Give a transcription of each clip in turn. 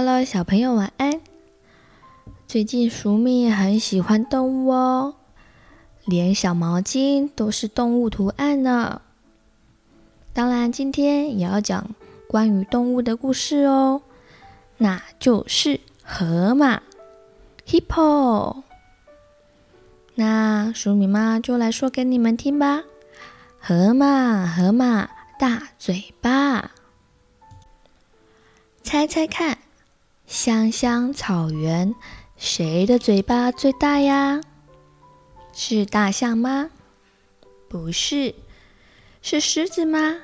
哈嘍，小朋友晚安。最近黍米很喜歡動物哦，連小毛巾都是動物圖案呢。當然，今天也要講關於動物的故事哦，那就是河馬 hippo。那黍米媽就來說給你們聽吧：河馬，河馬，大嘴巴，猜猜看。香香草原，誰的嘴巴最大呀？是大象嗎？不是。是獅子嗎？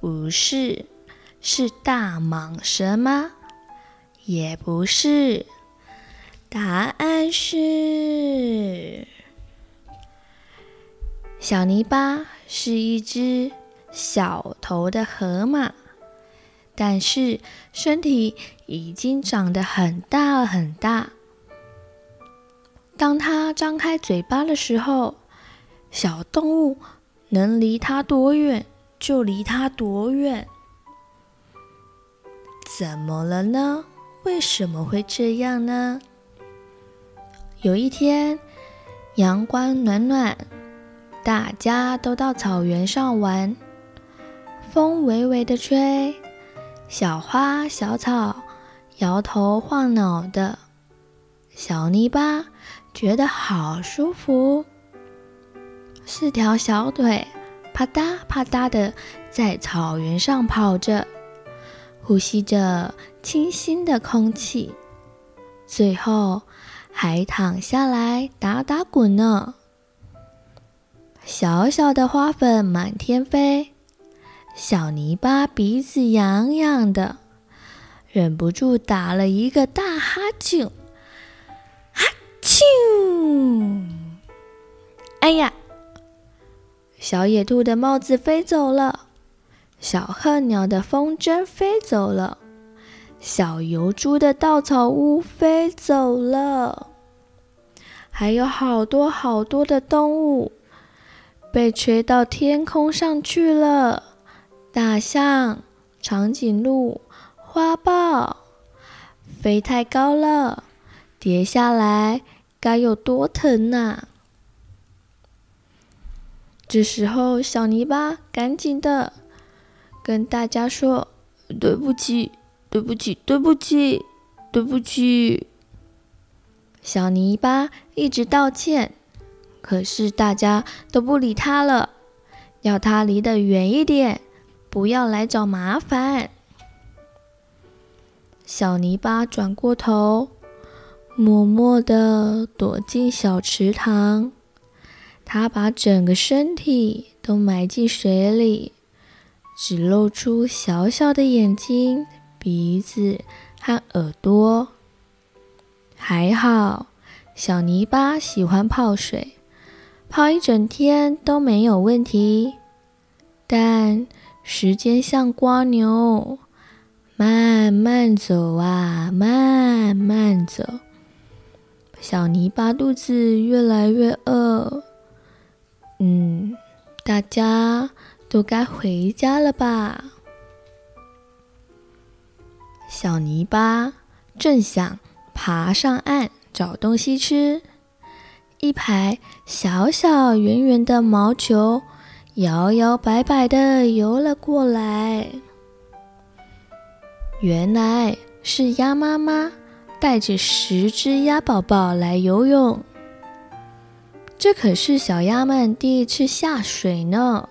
不是。是大蟒蛇嗎？也不是。答案是：小泥巴是一隻小頭的河馬。但是身體已經長得很大很大。當他張開嘴巴的時候，小動物能離它多遠就離它多遠。怎麼了呢？為什麼會這樣呢？有一天，陽光暖暖，大家都到草原上玩，風微微的吹。小花、小草，搖頭晃腦的；小泥巴覺得好舒服。四條小腿啪嗒啪嗒的在草原上跑着，呼吸着清新的空氣，最後還躺下來打打滾呢。小小的花粉滿天飛。小泥巴鼻子癢癢的，忍不住打了一個大哈欠。哈啾！哎呀，小野兔的帽子飛走了，小鶴鳥的風箏飛走了，小疣豬的稻草屋飛走了，還有好多好多的動物被吹到天空上去了。大象、長頸鹿、花豹，飛太高了，跌下來該有多疼吶、啊！這時候，小泥巴趕緊的跟大家說：“對不起，對不起，對不起，對不起！”小泥巴一直道歉，可是大家都不理他了，要他離得遠一點。不要來找麻煩！小泥巴轉過頭，默默地躲進小池塘。他把整個身體都埋進水裡，只露出小小的眼睛、鼻子和耳朵。還好，小泥巴喜歡泡水，泡一整天都沒有問題。但……時間像蝸牛，慢慢走啊，慢慢走。小泥巴肚子越來越餓，嗯，大家都該回家了吧？小泥巴正想爬上岸找東西吃，一排小小圓圓的毛球搖搖擺擺的遊了過來，原來是鴨媽媽帶着十只鴨寶寶來游泳。這可是小鴨們第一次下水呢。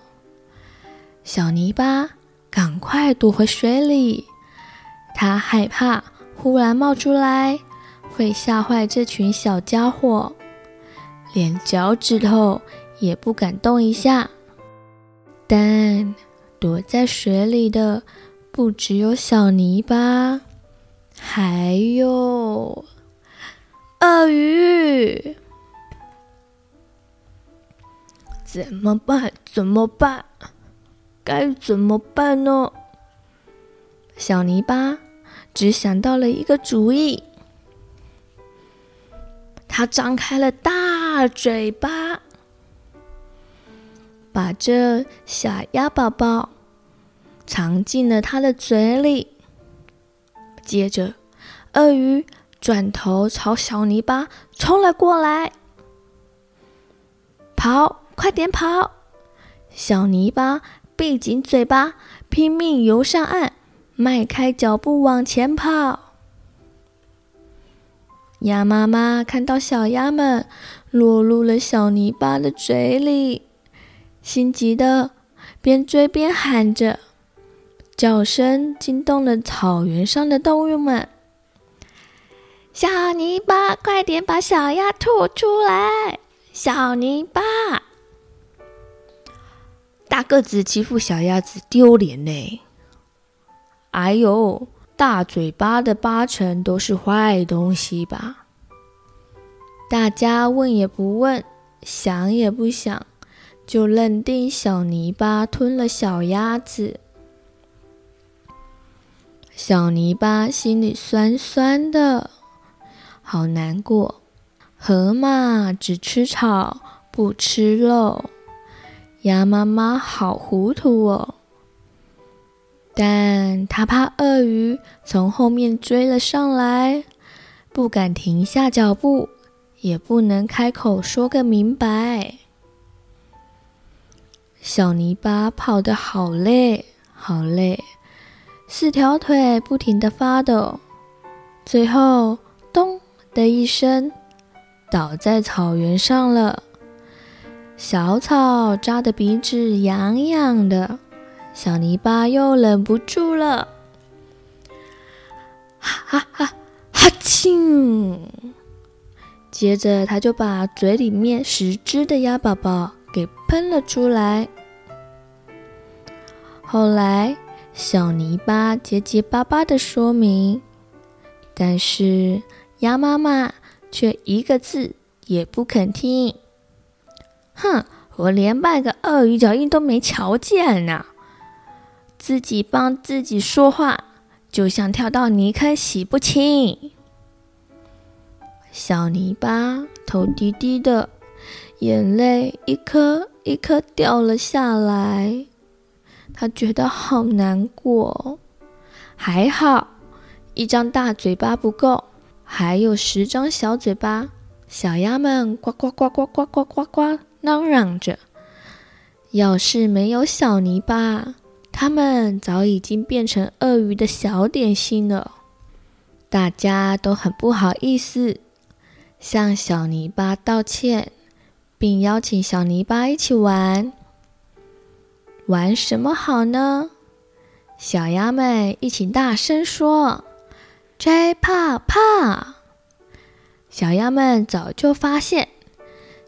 小泥巴，趕快躲回水裡，它害怕忽然冒出來會嚇壞這群小家伙，連腳趾頭也不敢動一下。但躲在水裡的不只有小泥巴，還有鱷魚。怎麼辦？怎麼辦？該怎麼辦呢？小泥巴只想到了一個主意，他張開了大嘴巴。把這小鴨寶寶藏進了它的嘴裡。接着，鱷魚轉頭朝小泥巴衝了過來，跑，快點跑！小泥巴閉緊嘴巴，拼命游上岸，邁開腳步往前跑。鴨媽媽看到小鴨們落入了小泥巴的嘴裡。心急的邊追邊喊着，叫聲驚動了草原上的動物們。小泥巴，快點把小鴨吐出來！小泥巴，大個子欺負小鴨子，丟臉呢！哎呦，大嘴巴的八成都是壞東西吧？大家問也不問，想也不想。就認定小泥巴吞了小鴨子，小泥巴心裡酸酸的，好難過。河馬只吃草，不吃肉，鴨媽媽好糊塗哦。但他怕鱷魚從後面追了上來，不敢停下腳步，也不能開口說個明白。小泥巴跑得好累，好累，四條腿不停地發抖，最後咚的一聲倒在草原上了。小草扎得鼻子癢癢的，小泥巴又忍不住了，哈哈哈，哈啾。接着他就把嘴裡面十隻的鴨寶寶。給噴了出來。後來，小泥巴結結巴巴的說明，但是鴨媽媽卻一個字也不肯聽。哼，我連半個鱷魚腳印都沒瞧見呢！啊，自己幫自己說話，就像跳到泥坑洗不清。小泥巴頭低低的。眼淚一,一顆一顆掉了下來，他覺得好難過。還好，一張大嘴巴不夠，還有十張小嘴巴。小鴨們呱呱呱呱呱呱呱呱嚷嚷着。要是沒有小泥巴，它們早已經變成鱷魚的小點心了。大家都很不好意思，向小泥巴道歉。並邀請小泥巴一起玩。玩什麼好呢？小鴨們一起大聲說：“吹泡泡！”小鴨們早就發現，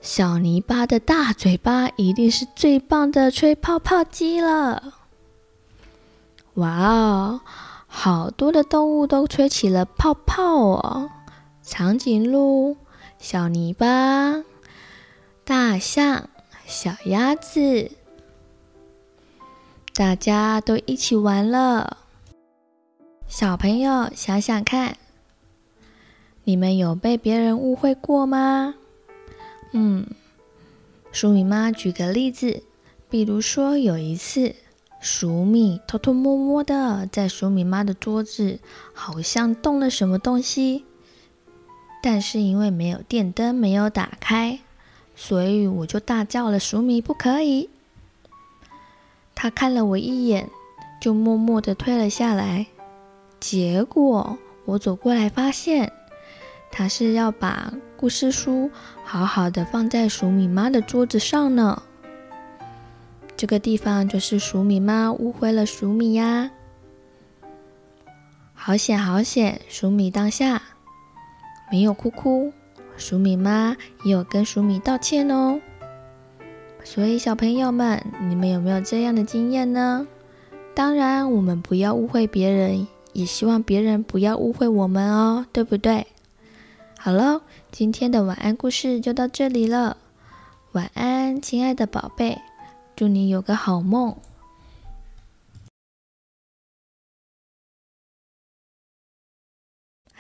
小泥巴的大嘴巴一定是最棒的吹泡泡機了。哇哦，好多的動物都吹起了泡泡哦！長頸鹿、小泥巴。大象、小鴨子，大家都一起玩了。小朋友，想想看，你們有被別人誤會過嗎？嗯，黍米媽舉個例子，比如說有一次，黍米偷偷摸摸的在黍米媽的桌子，好像動了什麼東西，但是因為沒有電燈，沒有打開。所以我就大叫了：“黍米不可以！”他看了我一眼，就默默地退了下來。結果我走過來發現，他是要把故事書好好的放在黍米媽的桌子上呢。這個地方就是黍米媽誤會了黍米呀。好險好險，黍米當下沒有哭哭。黍米媽也有跟黍米道歉哦，所以小朋友們，你們有沒有這樣的經驗呢？當然，我們不要誤會別人，也希望別人不要誤會我們哦，對不對？好嘍，今天的晚安故事就到這裡了，晚安，親愛的寶貝，祝你有個好夢。